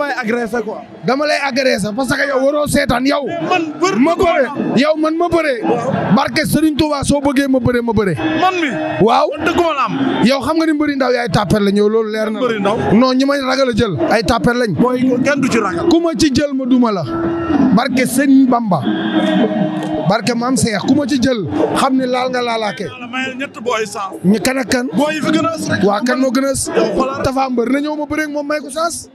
damay agressé quoi dama lay agressé parce que yow waroo seetaan yow. ma bëre yow man ma bëre. barke Serigne Touba soo bëggee ma bëre ma bëre. man waaw dëgg ma yow xam nga ni mbëri ndaw yaay tapper lañ yow loolu leer na. mbëri ndaw non ñi may ragal a jël ay tapper lañ. mooy kenn du ci ma ci jël ma duma la. barke Serigne Bamba. barke maam Seex ku ma ci jël xam ne laal nga laalaakee. ñu kan ak a. waa kan moo gën a. Tapha Mbeur na ñëw ma bëre ak moom may ko saas.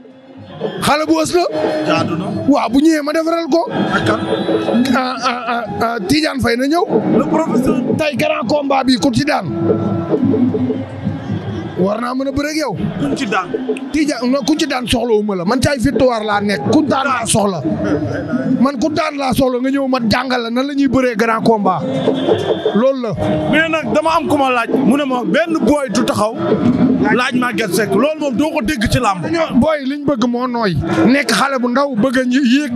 xale bu ës la. bu ñëwee ma defaral ko. Ah, ah ah ah Tidiane Faye na ñëw. le professeur. daan. war naa mën a bëreeg yow. kuñ ci daan. Tijaan non kuñ ci daan soxlawuma la man caay victoire laa nekk ku daan laa soxla. man ku daan laa soxla nga ñëw ma jàngal la nan la ñuy bëree grand combat loolu la. mais nag dama am ku ma laaj. mu ne ma benn booy du taxaw. laaj ma gerte sek loolu moom doo ko dégg ci làmb. booy liñ bëgg moo nooy. nekk xale bu ndaw bëgg a yéeg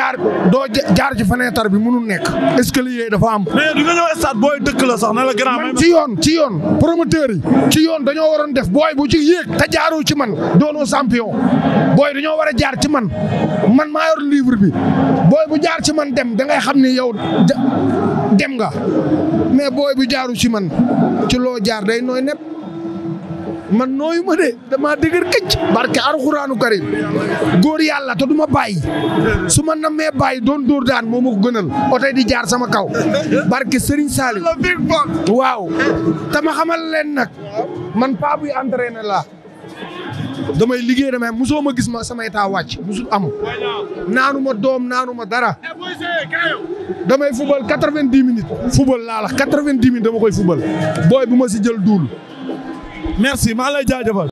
jaar doo jaar ci fenêtre bi mënul nekk escalier yi dafa am. mais du nga ñëw stade dëkk la sax na la ci yoon ci yoon promoteur yi ci yoon dañoo waroon def booy bu ci yéeg te jaaroo ci man doonoo champion booy dañoo war a jaar ci man man maa yor livre bi booy bu jaar ci man dem da ngay xam ni yow dem nga mais booy bu jaaru ci man ci loo jaar day nooy nepp. man nooyu ma de damaa dëgër këcc barke alxuraanu karim góor yàlla te du ma bàyyi su ma namee bàyyi doon dóor daan moo ma ko gënal oto di jaar sama kaw barke Serigne Saliou waaw tama xamal leen nag man paa buy entraîné laa damay liggéey damay musoo ma gis ma samay taa wàcc musul am naanu ma doom naanu ma dara damay fubal quatre-vingt-dix minutes fubal laa la quatre-vingt-dix dama koy fubal booy bu ma si jël duul merci maa lay jaajëfal.